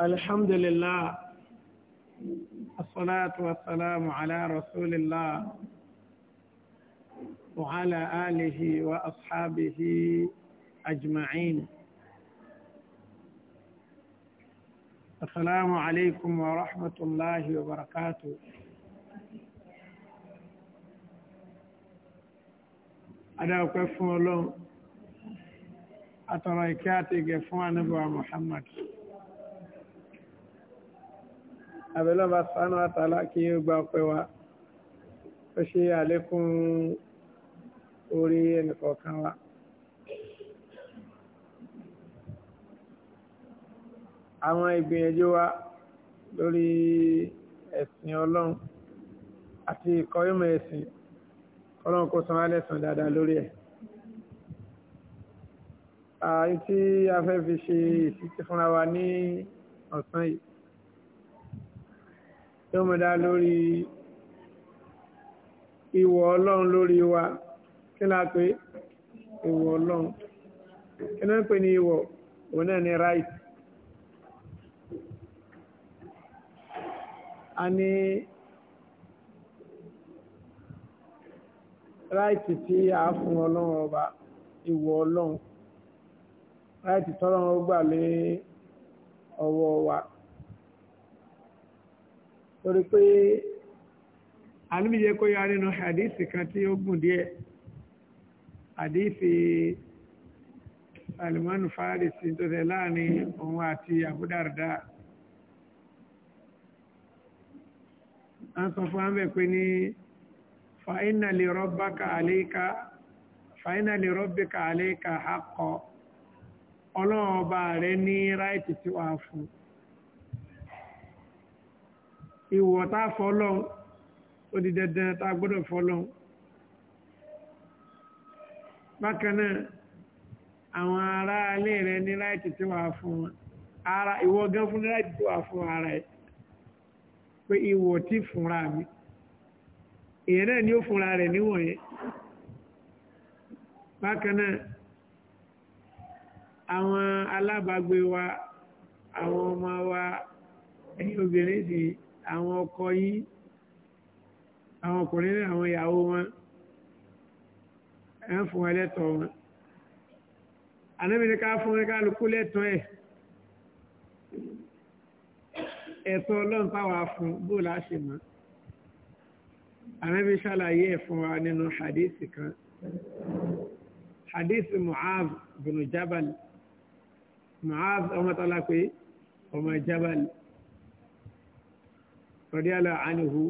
الحمد لله الصلاة والسلام على رسول الله وعلى آله وأصحابه أجمعين السلام عليكم ورحمة الله وبركاته أنا أكفر لهم أترى كاتب فوانا محمد àbẹ̀lọ́ba sanu àtàlà kí ó gba ọpẹ́ wa ó ṣe àlékún orí ẹnìkọ̀ọ̀kan wa. àwọn ìgbìyànjú wa lórí ẹ̀sìn ọlọ́run àti ìkọ́yọ́mọ̀ ẹ̀sìn ọlọ́run kó san alẹ́sàn dáadáa lórí ẹ̀. àyí tí ṣe ìsítí fúnra wa ní ọ̀sán yìí yóò mọ̀ dá lórí ìwọ̀ ọlọ́run lórí wa kí la pé ìwọ̀ ọlọ́run kí náà pè ní ìwọ̀ òun náà ní right a ní right tí a fún ọlọ́run ọba ìwọ̀ ọlọ́run right tọ́lọ́run ó gbà lé ọwọ́ wa torí pé àníbìyẹ kó yá nínú hadith kan tí ó gùn díẹ̀ hadith alimanu farisi tó tẹ láàrin òun àti àbúdàrdà a sọ fún àmì pé ní fa'ina lè rọ́bàkà àléka fa'ina lè rọ́bàkà àléka akọ ọlọ́ọ̀ba rẹ ní ráìtì tí wàá fún un ìwọ̀ tá a fọlọ́n ó di dandan tá a gbọ́dọ̀ fọlọ́n bákan náà àwọn ará ilé rẹ ní láìtì tí wàá fún wọn ara ìwọ gan fún ní láìtì tí wàá fún ara ẹ pé ìwọ̀ tí fúnra mi èèyàn náà ni ó fúnra rẹ̀ níwọ̀nyẹn bákan náà àwọn alábàágbé wa àwọn ọmọ wa ẹ̀yin obìnrin sì yìí àwọn ọkọ yín àwọn ọkùnrin ní àwọn ìyàwó wọn ẹ̀ ń fún wọn lẹ́tọ̀ọ́ wọn anábìnrin ká fún wọn kálukú lẹ́tọ̀ọ́ ẹ̀ ẹ̀tọ́ ọlọ́run táwa fún bó la mọ́ anábìnrin ṣàlàyé ẹ̀ fún wa nínú hadith kan hadith Mu'adh bin Jabal Mu'adh ọmọ tọ́lá pé ọmọ Jabal. rọ̀díàlá ànihu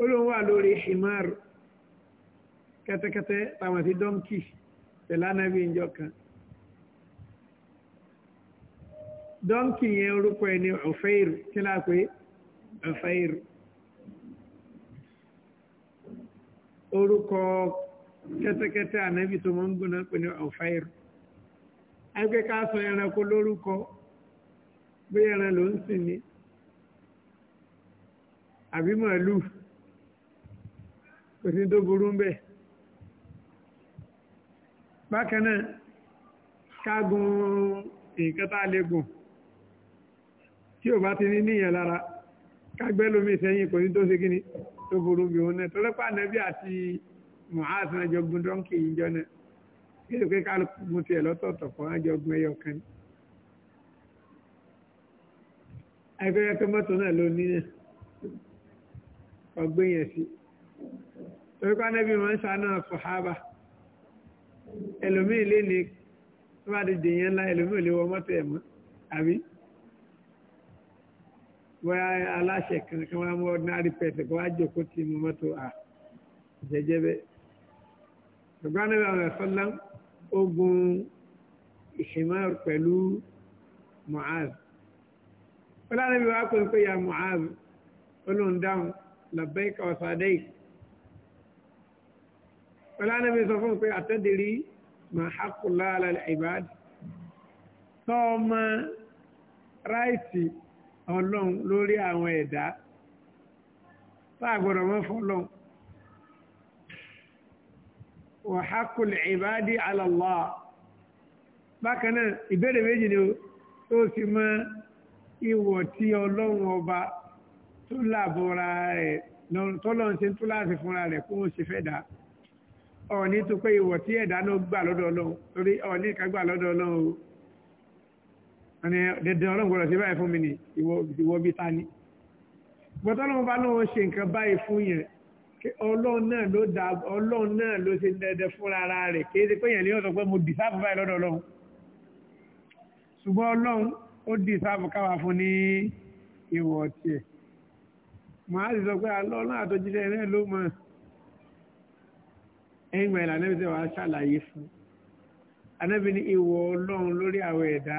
olóhùn wà lórí himar kẹ́tẹ́kẹ́tẹ́ táwọn àti dọ́ńkì pẹ̀lú ìjọ kan dọ́ńkì yẹn orúkọ ẹni ọ̀fẹ́ir kí náà pé ọ̀fẹ́ir orúkọ kẹ́tẹ́kẹ́tẹ́ anábì tó mọ́ ń gùn pé ní ọ̀fẹ́ir ẹgbẹ́ ká sọ ẹranko lórúkọ bí ẹran ló ń sìn ní. àbí màálù kò sí tó burú ń bẹ̀. bákan náà ká gun nǹkan tá a lè gùn tí ò bá ti ní níyàn lára ká gbẹ́ lómi sẹ́yìn kò sí tó ṣe kíni tó burú bí òun náà tó lọ́pàá nàbí àti Mu'az náà jọ gun dọ́ńkì yìí jọ náà kí ló pé ká gun tiẹ̀ lọ́tọ̀ọ̀tọ̀ kan á jọ gun ẹyọ kan ní. àìpẹ́ yẹn tó mọ́tò náà ló ní náà ọgbẹ́ yẹn sí torí kọ́ anábì wọn ń sáná fọ̀hábà ẹlòmíì lé ní tó bá di dèèyàn ńlá ẹlòmíì lè wọ mọ́tò ẹ̀ mọ́ àbí bóyá aláṣẹ kan kí wọ́n mú ordinary person kó wá jókòó tì mú mọ́tò à jẹjẹ bẹ́ẹ̀ dáhùn labbaik wa sadaik ọlọ́nà mi sọ fún pé àtẹ́dìrí ma haqqullah ala al-ibad tọ́ ọmọ ráìtì ọlọ́run lórí àwọn ẹ̀dá sáàgbọ́dọ̀ mọ́ fọ́lọ́run wa haqqul ibadi ala Allah bákan náà ìbéèrè méjì ni ó sì mọ ìwọ̀ tí ọlọ́run ọba tó làbọ̀ra rẹ̀ tọ́lọ́n ṣe tó láti fúnra rẹ̀ kó o ṣe fẹ́ dá ọ̀ní tó pé ìwọ̀ tí ẹ̀dá náà gbà lọ́dọ̀ ọlọ́run torí ọ̀ní ìka gbà lọ́dọ̀ ọlọ́run o ọ̀nà dandan ọlọ́run gbọ́dọ̀ ṣe báyìí fún mi ni ìwọ bíi ta ni bọ́tọ́lọ́run bá lóun ṣe nǹkan báyìí fún yẹn ọlọ́run náà ló dá ọlọ́run náà ló ṣe dandan fúnra rẹ̀ kì í pé ìwọ̀ tiẹ̀ màá sì sọ pé alọ́ náà àtọ́jíṣẹ́ rẹ̀ ló mọ̀ ẹ̀yìn ìgbà ìlànà ìbí tí wàá ṣàlàyé fún anábì ní ìwọ ọlọ́run lórí àwọn ẹ̀dá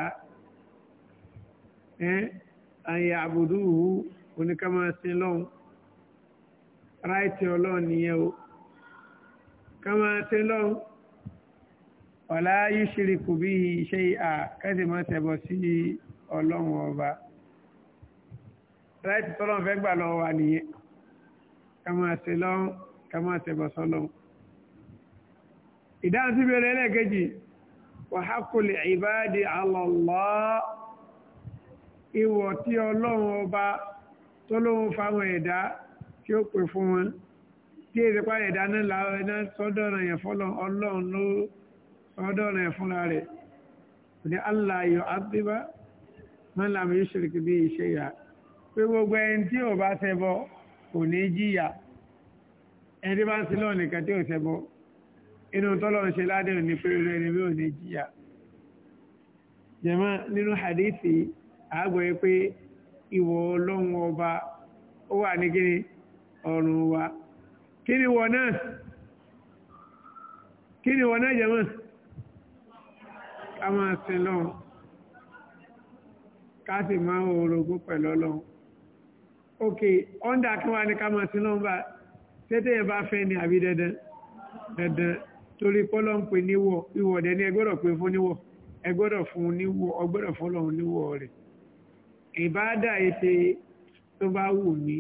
àyà àbùdúhù oníkàmáṣin lọ́hùn ráìtì ọlọ́run nìyẹn o kàmáṣin lọ́hùn ọ̀la yìí ṣe rí kù bí iṣẹ́ ìhà kẹ́sì tẹ̀bọ̀ sí ọlọ́run ọba. ráìtì tọ́lọ́n fẹ́ gbà lọ́wọ́ wa nìyẹn ká máa ṣe lọ́wọ́ ká máa ṣe bọ̀ sọ́lọ́wọ́. ìdáhùn sí ìbéèrè ẹlẹ́ẹ̀kejì wa haqqul ibadi ala Allah ìwọ̀ tí ọlọ́run ọba tó lóun fáwọn ẹ̀dá tí ó pè fún wọn tí èdè pàdé ẹ̀dá náà láwọn ẹ̀dá sọ́dọ̀ ọ̀nà yẹn fọ́lọ́ pé gbogbo ẹni tí ò bá ṣẹbọ kò ní jìyà ẹni bá ń sin lọ́ọ̀ nìkan tí ò ṣẹbọ inú tọ́lọ̀ ń ṣe ládé òní pé irú ẹni bí ò ní jìyà jẹ̀mọ́ nínú hadithi àgbọ̀ yẹ pé ìwọ̀ ọlọ́run ọba ó wà ní kíni ọ̀run wa kíni wọ̀ náà kíni wọ̀ náà jẹ̀mọ́ ká máa sin lọ́run ká sì máa ń orogún pẹ̀lú ọlọ́run ok ọ́ndà kí wá ní kámọ̀ sí nọ́mbà tẹ́tẹ́ yẹn bá fẹ́ ni àbí dandan dandan torí pọ́lọ́ ń pè níwọ̀ ìwọ̀ dẹ̀ ní ẹgbọ́dọ̀ pé fún níwọ̀ ẹgbọ́dọ̀ fún níwọ̀ ọgbọ́dọ̀ fọlọ́hún níwọ̀ rẹ̀ ìbáàdà ètè tó bá wù ní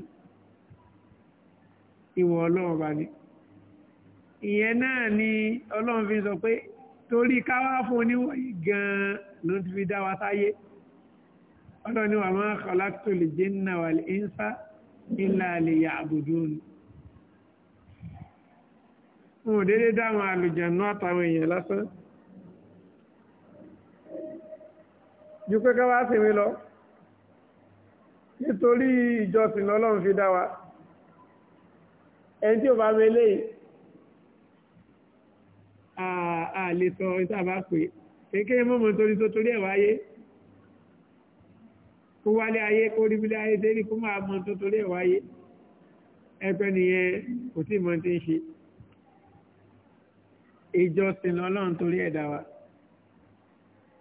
ìwọ̀ ọlọ́run bá ní ìyẹn náà ni ọlọ́run fi sọ pé torí káwá fún níwọ̀ yìí gan-an ló ti fi dá wa sáyé ọlọ́ ni wà máa kọ̀látò lè jẹ́ náà wà lè ń sá ilá lè yà àbùdó ni wọn ò dédé dáwọn àlùjànnú àtàwọn èèyàn lásán ju pé ká wá sinmi lọ nítorí ìjọsìn lọ́lọ́run fi dá ẹni tí ò bá mi léyìí ìtàbá pé kéèké mọ́mọ́ torí tó torí ẹ̀ kó wálé ayé kó rí bílé ayé dérí kó máa mọ tó torí ẹ̀wà ayé ẹgbẹ́ nìyẹn kò tí mọ tí ń ṣe ìjọsìn lọ́lọ́run torí ẹ̀dá wa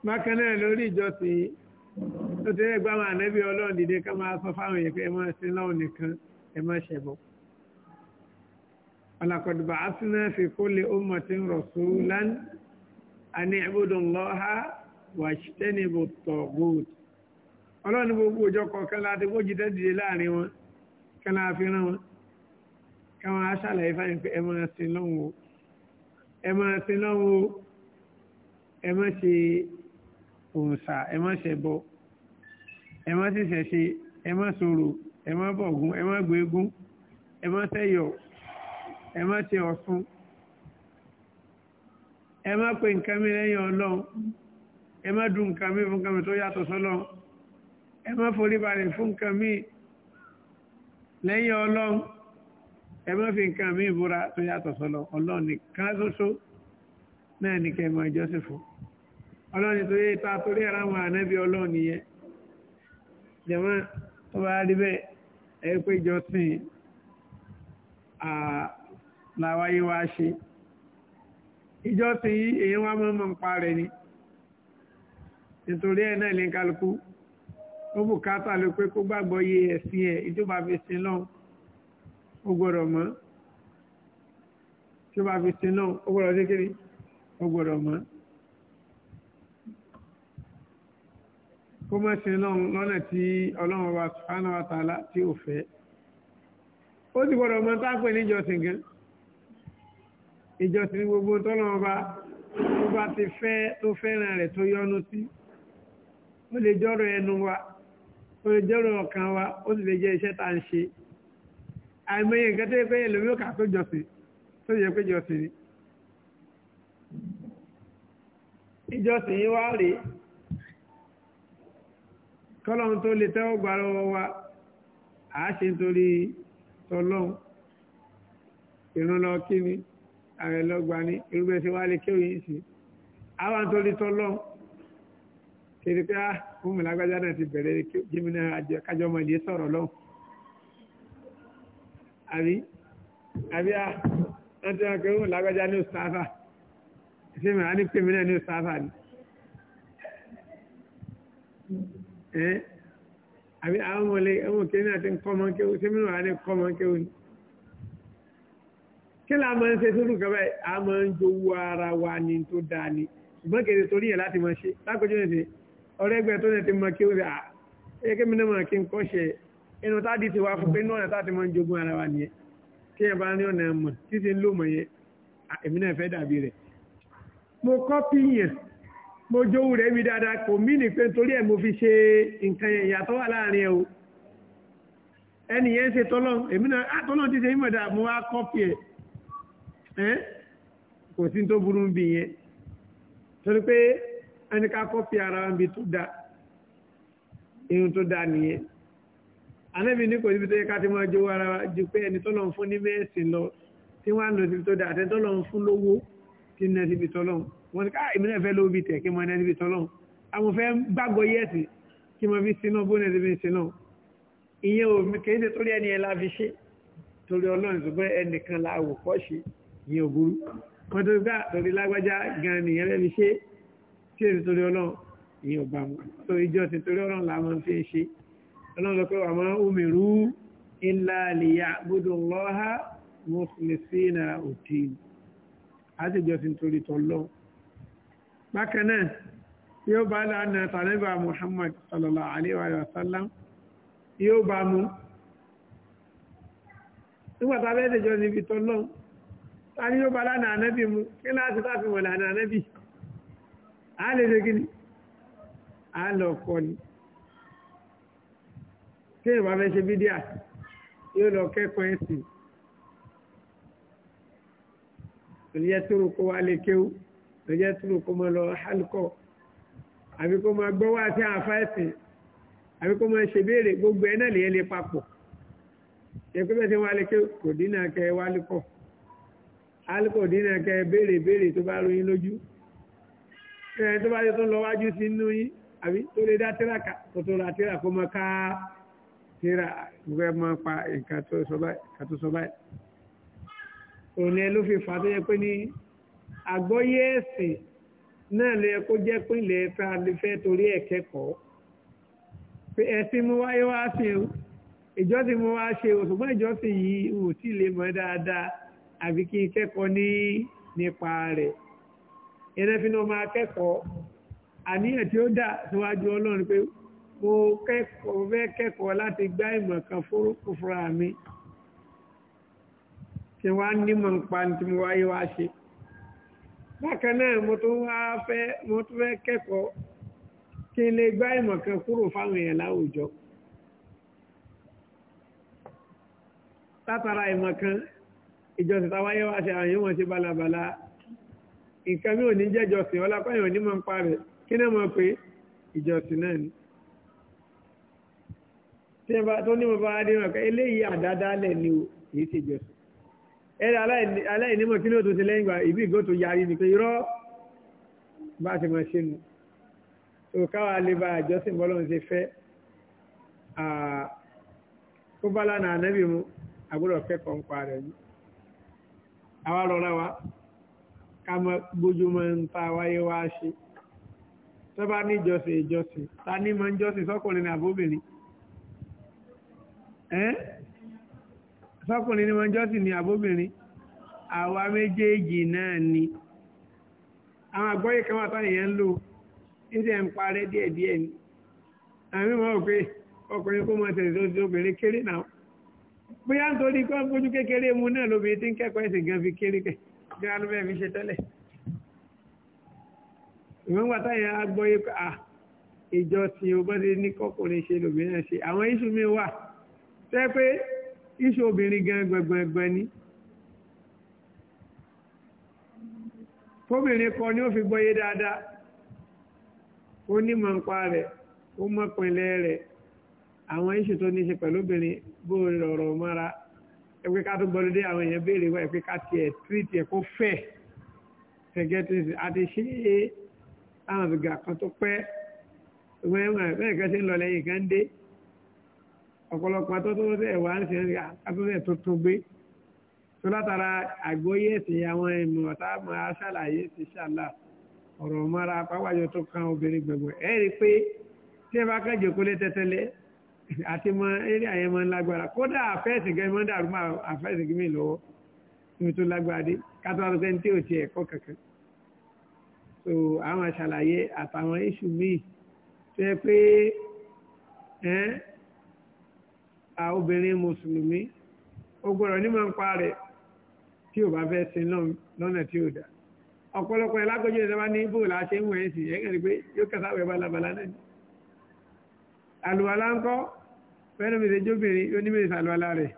bákan náà lórí ìjọsìn tó tẹ́lẹ̀ gbá máa nẹ́bí ọlọ́run dìde ká máa sọ fáwọn èèyàn pé ẹ máa sin lọ́run nìkan ẹ máa ṣẹ̀bọ̀ ọ̀làkọ̀dùbà asínà fi kulli ummatin rasulan an i'budu Allaha wajtanibu at-taghut ọlọ́run ní gbogbo òjọ kọ̀ọ̀kan láti gbójì tẹ́dìde láàrin wọn kan láà fi rán wọn káwọn á ṣàlàyé fáyín pé ẹ máa sin lọ́hùn o ẹ máa sin lọ́hùn o ẹ má ṣe òǹṣà ẹ má ṣẹbọ ẹ má sì ṣẹṣe ẹ má sòrò ẹ má bọ̀gún ẹ má gbẹ́gún ẹ má tẹ̀yọ̀ ṣe ọ̀ṣun ẹ má nǹkan mi lẹ́yìn ọlọ́run ẹ dùn nǹkan mi fún nǹkan mi tó yàtọ̀ sọ́lọ́run ẹ má forí balẹ̀ fún nǹkan míì lẹ́yìn ọlọ́run ẹ má fi nǹkan míì búra tó yàtọ̀ sọ́lọ ọlọ́run nìkan ṣoṣo náà ní kẹ́ mọ ìjọsìn fún ọlọ́run nítorí ta torí ẹ̀rọ àwọn ànábì ọlọ́run nìyẹn jẹ̀mọ́ tó bá rí bẹ́ẹ̀ ẹ pé ìjọsìn làwáyé wá ṣe ìjọsìn yìí èyí wá mọ́ mọ́ ń parẹ́ ni nítorí ẹ̀ náà lè kálukú ó bùkátà ló pé kó gbàgbọ́ yé ẹ̀sìn ẹ̀ ìjọba fi sin lọ́hùn ó gbọ́dọ̀ mọ̀ tí ó bá fi sin lọ́hùn ó gbọ́dọ̀ dé kiri ó gbọ́dọ̀ mọ̀ kó má sin lọ́hùn lọ́nà tí ọlọ́run wa sùpánà wa tààlà tí ò fẹ́ ó sì gbọ́dọ̀ mọ̀ tápẹ́ níjọsìn gan ìjọsìn gbogbo tọ́lọ́run bá tó bá ti fẹ́ tó fẹ́ràn rẹ̀ tó yọ́nú sí ó lè jọ́rọ̀ ẹnu wa ó lè jọ́rọ̀ ọ̀kan wa ó sì lè jẹ́ iṣẹ́ tá à ń ṣe àìmọye nǹkan tó yẹ pé ẹlòmí ò kà tó jọsìn tó yẹ pé jọsìn ni ìjọsìn yìí wá rèé kọ́lọ́run tó lè tẹ́wọ́ gbà lọ́wọ́ wa àá ṣe nítorí tọlọ́run ìrún lọ kí ni ààrẹ lọ gbà ní irúgbẹ́sẹ̀ wá lè kéwì yìí sí àwọn àtòrí kiri pé ah fún mi lágbájá náà ti bẹ̀rẹ̀ jimina kájọ ọmọ ìlú sọ̀rọ̀ lọ́wọ́ àbí àbí ah wọ́n ti wọ́n lágbájá ní òsáfà ṣé mi á ní pèmí náà ní òsáfà ni. àbí àwọn ọmọ ilé ọmọ kiri náà ti ń kọ́ ọmọ kéwù ṣé mi náà á ní kọ́ ọmọ kéwù ni. wa ni tó dáa ni ṣùgbọ́n kèrè torí yẹn láti ọ̀rẹ́ ẹgbẹ́ tó nẹ̀ ti mọ kí ó rí ẹgbẹ́ mi náà mọ̀ kí n kọ́ ṣe inú táàdì ti wá fún pé náà táàdì mọ́ ń jogún ara wa nìyẹn kí ẹ bá ní ọ̀nà mọ̀ títí ń lò mọ̀ yẹn èmi náà fẹ́ dàbí rẹ̀ mo kọ́pì yẹn mo jówú rẹ̀ mi dáadáa kò mí ní pé torí ẹ̀ mo fi ṣe nǹkan yẹn ìyàtọ̀ wà láàrin ẹ̀ o ẹni yẹn ṣe tọ́lọ́ èmi náà àtọ́lọ́ ti ṣe mọ̀ dáa mo wá kọ́pì ẹ̀ kò sí tó burú bí yẹn torí pé ẹni ká kọ́pì ara wọn bí tó da irun tó da nìyẹn anábì ní kò síbi tó yẹ ká ti máa jówó ara wa ju pé ẹni tọ́lọ̀ ń fún ní mẹ́sìn lọ tí wọ́n á nà síbi tó da àti tọ́lọ̀ ń fún lówó tí ń nà síbi tọ́lọ̀ wọn ká èmi náà fẹ́ lówó bí tẹ̀ kí mo nà síbi tọ́lọ̀ àwọn fẹ́ gbàgbọ́ yẹ̀sì kí mo fi sinú bó nà síbi sinú ìyẹn ò kì í torí ẹni ẹ la fi ṣe torí ọlọ́run ṣùgbọ́n ẹnìkan la wò kọ́ ṣe tí èsì torí ọlọ́run ìyẹn ọba mu tó ìjọ ti torí ọlọ́run la máa fi ń ṣe ọlọ́run lọ pé wà máa umiru illa liya'budullaha mukhlisina òtí àti ìjọ ti torí tọ́lọ́ bákan náà yóò bá lánà tàníbà Muhammad sallallahu alaihi wa sallam yóò bá mu nígbàtà bẹ́ẹ̀ ṣèjọ níbi tọ́lọ́ ta ni bá lánà ànábì mu kí láti láti wọ̀ lánà ànábì a lè ṣe kí ni a lọ kọ́ ni tí ìwà fẹ́ ṣe bídíà yóò lọ kẹ́kọ̀ọ́ ẹ̀sìn ìyẹ́ tóru kó wá lè kéwú ìyẹ́ tóru kó mọ lọ hálùkọ́ àbí kó máa gbọ́ wá sí àfa ẹ̀sìn àbí kó máa ṣèbéèrè gbogbo ẹ̀ náà lè yẹ lè papọ̀ ẹ̀kọ́ bẹ́ẹ̀ tí wọ́n alẹ́ kò dínà kẹ́ wálùkọ́ alùkọ́ dínà kẹ́ béèrè béèrè tó bá ròyìn lójú ẹ̀ tó bá yẹ tó lọ wájú sí inú yín àbí tó lè dá tíra ká tó tó ra tíra kó máa ká tíra gbogbo ẹ̀ máa pa nǹkan tó sọ báyìí. òun ẹ ló fi fà tó yẹ pé ní àgbọ́yé ẹ̀sìn náà lè kó jẹ́ pínlẹ̀ tá a lè fẹ́ torí ẹ̀ kẹ́kọ̀ọ́ pé ẹ̀sìn mú wáyé wá sí o ìjọsìn mú wá ṣe o ṣùgbọ́n ìjọsìn yìí ò tí ì lè mọ̀ dáadáa àbí kí n kẹ́kọ̀ọ́ ní nípa rẹ̀ ìrẹ́fínà máa kẹ́kọ̀ọ́ àníyàn tí ó dà síwájú ọlọ́run pé mo kẹ́kọ̀ọ́ fẹ́ kẹ́kọ̀ọ́ láti gbá ìmọ̀ kan fórúkú fúnra mi tí wá nímọ̀ nípa tí mo wáyé wá ṣe bákan náà mo tún wá fẹ́ mo tún fẹ́ kẹ́kọ̀ọ́ kí n lè gbá ìmọ̀ kan kúrò fáwọn èèyàn láwùjọ látara ìmọ̀ kan ìjọsìn táwáyé wá ṣe àwọn yóò wọ́n ṣe bálabàla nǹkan mi ò ní jẹ́ ìjọsìn ọlápáyàn ní mọ̀ ń pa rẹ̀ kí náà mọ̀ pé ìjọsìn náà ni. tí wọ́n bá tó ní mo bá dé wọn kan eléyìí àdádálẹ̀ ni o kì í ṣe ìjọsìn. ẹ̀rọ aláìnímọ̀ kí ló tó ṣe lẹ́yìn ìgbà ìbí ìgò tó yarí ni pé irọ́ bá ti mọ̀ ṣe nu. òkà wa lè ba àjọsìn bọ́lọ́run ṣe fẹ́ kó bá lánàá ànábì mu àgbọ̀dọ̀ kẹ́kọ̀ọ́ ń pa rẹ̀ yìí. àwa rọra wa. Kama mọ gbójúmọ́ ń ta wáyé wá ṣe tó bá ní ìjọsìn ìjọsìn ta ní mọ ìjọsìn sọ́kùnrin ní àbóbìnrin sọ́kùnrin ní mọ ìjọsìn ní àbóbìnrin àwa méjèèjì náà ni àwọn àgbọ́yé kan wà táyà yẹn ń lò níṣẹ́ ń parẹ́ díẹ̀díẹ̀ ni àmì mọ́ òpé ọkùnrin kó mọ tẹ̀síọ́ sí obìnrin kéré náà bóyá nítorí kọ́ fojú kékeré mu náà lóbìnrin tí ń kẹ́kọ̀ọ́ ẹ̀sìn gan fi kéré kẹ́kẹ́ bí wọ́n bẹ́ẹ̀ mi ṣe tẹ́lẹ̀ ìwọ̀n gbà táyà agbọ́ yìí à ìjọ tí o bá dé ní kọkùnrin ṣe lòmìnira ṣe àwọn iṣu mi wà tẹ́ pé iṣu obìnrin gan gbẹ̀gbẹ̀gbẹ̀ ni fóbìnrin kan ni ó fi gbọ́yé dáadáa ó ní mọ̀ nípa rẹ̀ ó mọ̀ pinlẹ̀ rẹ̀ àwọn iṣu tó ní ṣe pẹ̀lú obìnrin bó rọrọ̀ mọ́ra ẹgbẹ́ ká tó gbọ́dọ̀ dé àwọn èèyàn béèrè wá ẹgbẹ́ ká tiẹ̀ tírìtì ẹ̀ kó fẹ̀ ṣẹgẹ́tìrìsì àti ṣe é láwọn àgbègbè kan tó pẹ́ bẹ́ẹ̀ kẹ́sì ń lọ lẹ́yìn kan dé ọ̀pọ̀lọpọ̀ atọ́tọ́tọ́ tẹ̀ wá ń sìn atọ́tọ́ tuntun gbé tó látara àgbóyè ẹ̀sìn àwọn ìmọ̀ ọ̀tá máa ṣàlàyé ti ṣàlà ọ̀rọ̀ mọ́ra pàwájọ tó kan obìnrin gbẹ̀gbẹ̀ ẹ̀ rí i pé tí ẹ bá kẹ́jọ́ kólé tẹ́tẹ́lẹ́ àti mọ eré àyẹ̀ mọ lágbára kódà àfẹ́sìn gẹ́gẹ́ mọ́ dàrú mọ́ àfẹ́sìn gẹ́gẹ́ mi lọ́wọ́ níbi tó lágbára dé kátó àti sẹ́ni tí ò ti ẹ̀kọ́ kankan so àwọn àṣàlàyé àtàwọn iṣu míì tó yẹ pé obìnrin mùsùlùmí ó gbọ́dọ̀ nímọ̀ ń pa rẹ̀ tí ò bá fẹ́ sin lọ́nà tí ò dáa ọ̀pọ̀lọpọ̀ ẹ̀ lágbójú ẹ̀ sábà ní bò láṣẹ ń wẹ̀ ẹ́ sí ẹ̀ kẹ́rin pé yóò kẹsàwẹ̀ balabala náà ni àlùwàlá ń kọ́ fẹ́rẹ́ mi lẹ́jọ́bìnrin yóò níbẹ̀ ìsàlọ́lá rẹ̀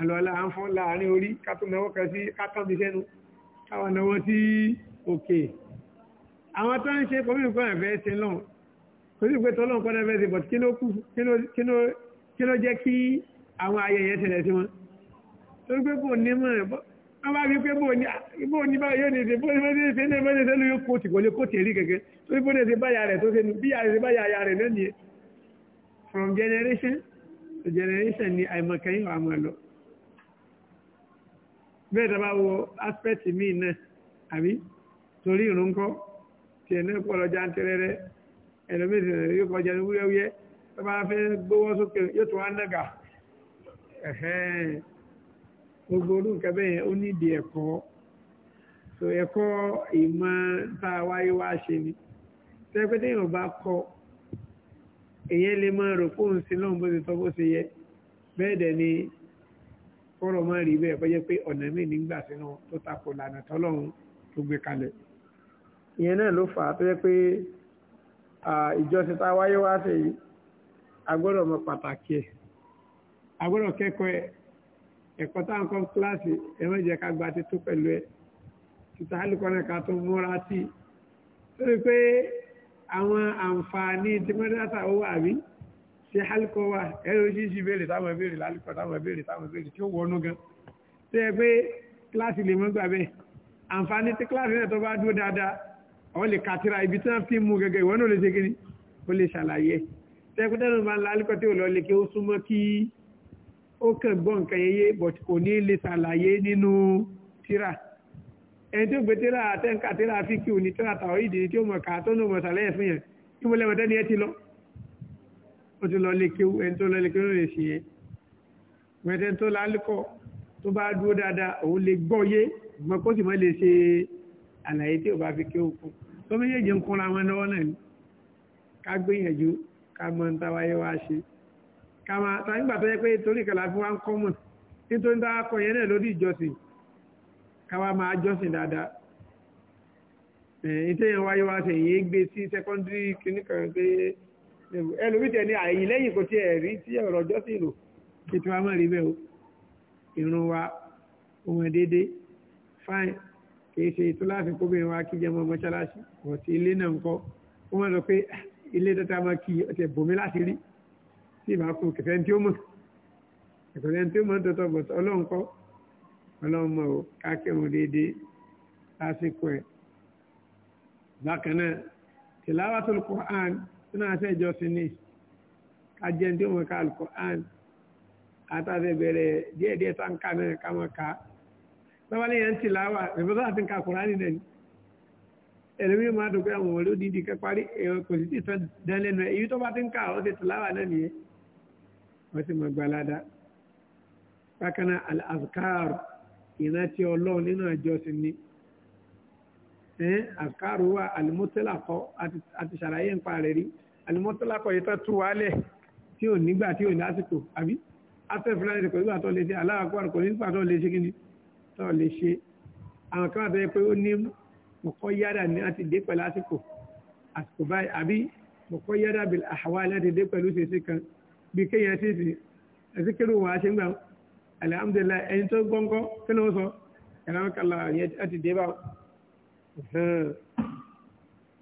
àlọ́lá à ń fọ́n láàrin orí kátó náwó kan sí kátó mi sẹ́nu káwọn náwó sí òkè àwọn tó ń ṣe kọ́mílù kan ẹ̀fẹ́ ṣe lọ́n kò sí pé tọ́lọ́n kọ́ ẹ̀fẹ́ ṣe bọ̀t kí ló jẹ́ kí àwọn ayẹyẹ ṣẹlẹ̀ sí wọn torí pé bò ní mọ̀ wọ́n bá rí from generation generation ni àìmọ̀kẹ́yìn wà mọ̀ lọ bẹ́ẹ̀ tó bá wo aspect míì náà àbí torí ìrúnkọ́ tí ẹ̀ náà pọ̀lọ̀ jántẹ́rẹ́rẹ́ ẹ̀lọ́mẹ́sìn rẹ̀ yóò kọjá ní wúyẹ́wúyẹ́ tó bá fẹ́ gbówó sókè yóò tó wá nàgà gbogbo orú nǹkan bẹ́ẹ̀ ó nídi ẹ̀kọ́ so ẹ̀kọ́ ìmọ̀ tá ṣe ni tẹ́pẹ́tẹ́yìn ò bá kọ́ èyàn lè máa rò kóhùn sí lọ́n bó ti tọ́ bó ṣe yẹ bẹ́ẹ̀ dẹ̀ ni kọ́rọ̀ máa rí bẹ́ẹ̀ bọ́jẹ́ pé ọ̀nà míì nígbà tó takò lànà tọ́lọ́run tó gbé kalẹ̀ ìyẹn náà ló fà á tó yẹ pé ìjọsìn tá a wáyé wá sí a kẹ́kọ̀ọ́ ẹ̀ ẹ̀kọ́ táwọn kíláàsì ẹ̀ jẹ́ ká gba pẹ̀lú ẹ̀ títà náà ká àwọn àǹfààní tí mọ́dásà ó wà rí sí hálùkọ́ wà ẹ̀rọ ṣíṣí béèrè táwọn béèrè lálùkọ́ táwọn béèrè táwọn béèrè tí ó wọnú gan tó yẹ pé kíláàsì lè mọ́ gbà bẹ́ẹ̀ àǹfààní tí kíláàsì náà tó bá dúró dáadáa ọ̀ lè kàtìrà ibi tí wọ́n fi mú gẹ́gẹ́ ìwọ́n náà lè ṣe kíní ó lè ṣàlàyé tẹ́kùtẹ́nu máa lálùkọ́ tí ò lọ ẹni tó gbé tẹ́lá àtẹ́ǹkà tẹ́lá fíkì òní tẹ́lá tàwọn ìdè tí ó mọ̀ ká tó ní mọ̀ sàlẹ̀ fún yẹn kí wọ́n lẹ́mọ̀ tẹ́ni ẹ ti lọ. ó ti lọ lékewu ẹni tó lọ lékewu ló lè ṣe yẹn. mẹ̀tẹ́ tó lálùkọ́ tó bá dúró dáadáa òun lè gbọ́ yé mọ kó sì mọ́ lè ṣe àlàyé tí ò bá fi kéwù kún. tó méjèèjì ń kúnra wọn lọ́wọ́ náà ni ká gbìyànjú ká mọ ní táwáyé wá ṣe. ká máa tàbí gbà káwá máa jọ́sìn dáadáa ìtẹ́yìn wáyé wá sí èyí gbé sí secondary clinic pé ẹlòmítẹ̀ ní àyè lẹ́yìn kò tí ẹ̀ rí tí ọ̀rọ̀ jọ́sìn lò kí tí wàá mọ̀ rí bẹ́ẹ̀ o ìrun wa ohun déédéé fine kì í ṣe ìtúláàfin kó bẹ́ẹ̀ wá kí jẹ́ mọ́ mọ́ṣáláṣí ọ̀tí ilé náà ń kọ́ ó mọ̀ sọ pé ah, ilé tata máa kí ọ̀tẹ̀ bòmí láti rí tí ìbá kú ó mọ̀ kẹfẹ́ ó mọ̀ tọ́tọ́ bọ̀t ọlọ́run kọ́ ọlọ́mọ o kákẹ́hùn déédéé lásìkò ẹ̀. bákan náà tìláwàtul Qur'an sínú àṣẹ ìjọsìn ní kájẹ́ tí wọ́n ká al-Qur'an àtàṣe bẹ̀rẹ̀ díẹ̀díẹ̀ tá ń ká náà ká mọ́ ká. lọ́wọ́lẹ́ yẹn ń tìláwà ìfọ́sọ́ àti nǹka Qur'an náà ni. ẹ̀lẹ́mí máa dùn àwọn olóòdì di kẹ́ parí kò sì tìtàn dánlẹ́nu ẹ̀ èyí tó bá ti ń ká ọ́ al-azkar ìrántí ọlọ́run nínú ìjọsìn ni àkàrò wa alimọ́tẹ́lákọ́ àti ṣàlàyé nípa rẹ̀ rí alimọ́tẹ́lákọ́ yìí tó tú wálẹ̀ tí ò nígbà tí ò ní àsìkò àbí afẹ́fúlẹ́rì kò nígbà tó lè ṣe ni tó lè ṣe àwọn kan àtẹ́yẹ pé ó ní mọ̀kọ́ yára ní àti dé pẹ̀lú àsìkò alihamudulilayi ẹni tó gbọ́ngọ́ kí ni wọ́n sọ ẹ̀rọ̀kàlà yẹn ti dé bá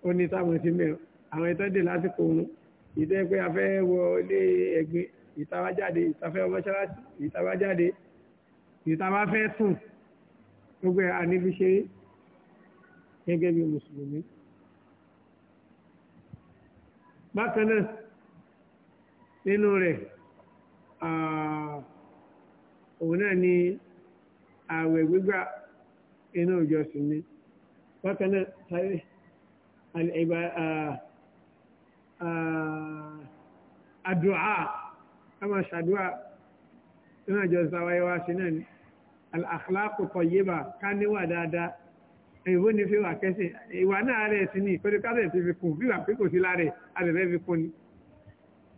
ó ní sáwọn ti mẹ́rin àwọn ìtọ́ dè lásìkò òun ìtọ́ pé a fẹ́ wọ ilé ẹ̀gbin ìtawájáde ìtafẹ́ mọ́ṣáláṣí ìtawájáde ìtawáfẹ́ sùn gbogbo àníbi gẹ́gẹ́ bí mùsùlùmí. bákan náà nínú rẹ̀ òun náà ni ààwẹ̀ gbígbà inú ìjọsìn ni bákan náà sáré àlẹ́gbà àdúà a máa ṣàdúà inú ìjọsìn àwáyé wá sí náà ni al-akhlaqu tayyiba ká níwà dáadáa èyíwó ni fi wà kẹ́sìn ìwà náà rẹ̀ sí ni ìpẹ́lú kásẹ̀ ti fi kún bí wà pé kò sí lára ẹ̀ adẹ̀fẹ́ fi kún ni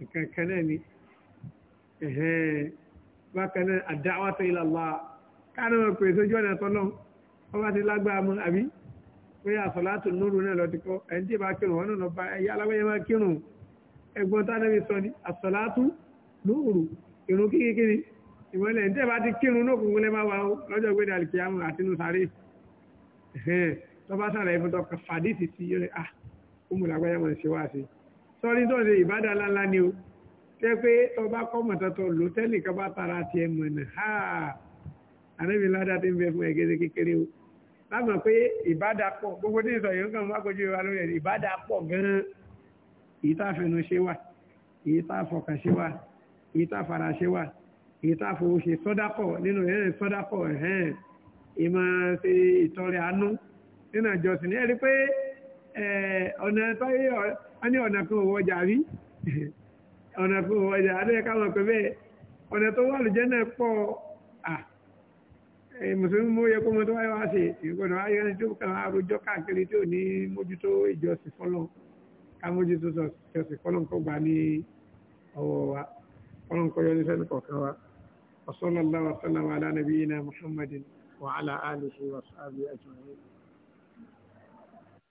nǹkan kan náà ni ẹ̀hẹ́n bákan náà ad-da'watu ila Allah káàdì wọn pè sójú ọ̀nà tọ́lọ́ wọn bá ti lágbára mọ́ àbí pé àsọ̀látù nuru náà lọ ti kọ́ ẹni tí ì bá kírun wọn náà bá ẹyà alábẹ́yẹ máa kírun ẹgbọ́n tá lẹ́bi sọ ni àsọ̀látù nuru ìrun kíkíkiri ìmọ̀lẹ̀ ní tẹ́bà ti kírun ní òkùnkùn lẹ́bàá wa lọ́jọ́ ìgbéde alìkìyàmù àti inú sáré tọ́ba sára ẹ̀fọ́ ah ó mú làgbáyàmọ̀ ṣe wá sí sọ́rí tó ṣe ìbádà ńláńlá tẹ́ pé ọba kọ́mọ̀ tọ́tọ́ lò bá tara tiẹ̀ mọ̀ ha ànábì ti ń bẹ fún kékeré o láàmú pé ìbádapọ̀ gbogbo tí ń sọ yìí nǹkan wa lórí gan-an èyí tá fẹnu ṣe wà èyí tá fọkàn ṣe wà èyí tá fara ṣe wà èyí tá fowó ṣe sọ́dápọ̀ nínú sọ́dápọ̀ ẹ̀hẹ́n ìmọ̀ ṣe àánú nínú ọjà rí ọ̀nà fún ọjà adé káwọn pé bẹ́ẹ̀ ọ̀nà tó wà lùjẹ́ náà pọ̀ à mùsùlùmí mú yẹ kó mo tó wáyé wá sí ìgbọ̀nà ayé ẹni tó kàn àròjọ káàkiri tí ò ní mójútó ìjọsìn fọlọ́ ká mójútó ìjọsìn fọlọ́ nǹkan gbà ní ọwọ́ wa fọlọ́ nǹkan yọ ní sẹ́ni kọ̀ọ̀kan wa wa sallallahu wa sallam ala muhammadin wa ala wa sahbihi ajma'in.